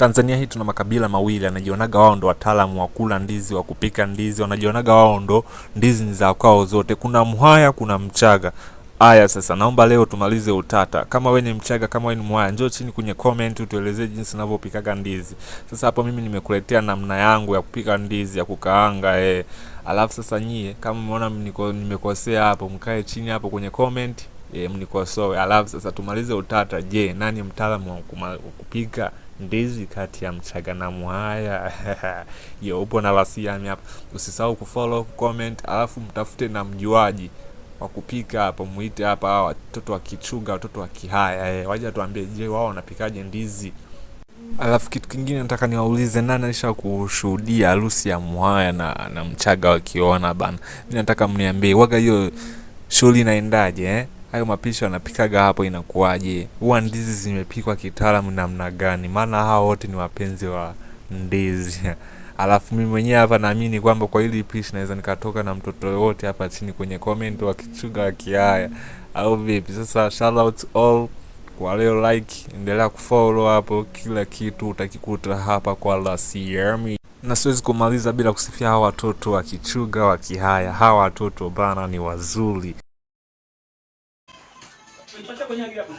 Tanzania hii tuna makabila mawili, anajionaga wao ndo wataalamu wa kula ndizi, wa kupika ndizi, wanajionaga wao ndo ndizi ni za kwao zote. Kuna Mhaya, kuna Mchaga. Aya, sasa naomba leo tumalize utata. Kama we ni Mchaga, kama we ni Mwaya, njoo chini kwenye comment utuelezee jinsi unavyopikaga ndizi. Sasa hapo mimi nimekuletea namna yangu ya kupika ndizi, ya kukaanga eh. Alafu sasa nyie kama mmeona nimekosea hapo, mkae chini hapo kwenye comment e, mnikosoe. Alafu sasa tumalize utata, je, nani mtaalamu wa kupika ndizi kati ya Mchaga na Mwaya? Yo, upo na Lasiani hapa. Usisahau kufollow, comment, alafu mtafute na mjuaji wa kupika hapo, muite hapa, hawa watoto wa Kichunga, watoto wa Kihaya e, waje tuambie, je wao wanapikaje ndizi. Alafu kitu kingine nataka niwaulize, nani alisha kushuhudia harusi ya Mwaya na, na Mchaga wakiona bana? Mi nataka mniambie waga hiyo shughuli inaendaje eh? hayo mapishi wanapikaga hapo inakuwaje? Huwa ndizi zimepikwa kitaalamu namna gani? Maana hao wote ni wapenzi wa ndizi alafu mimi mwenyewe hapa naamini kwamba kwa hili pishi naweza nikatoka na mtoto yote hapa chini kwenye comment wa wakiaya au vipi? Sasa shout out all kwa leo, like, endelea kufollow hapo, kila kitu utakikuta hapa kwa La Sierra na siwezi kumaliza bila kusifia hawa watoto wa wakihaya. Hawa watoto bana ni wazuri. Nipatia kwenye hapa.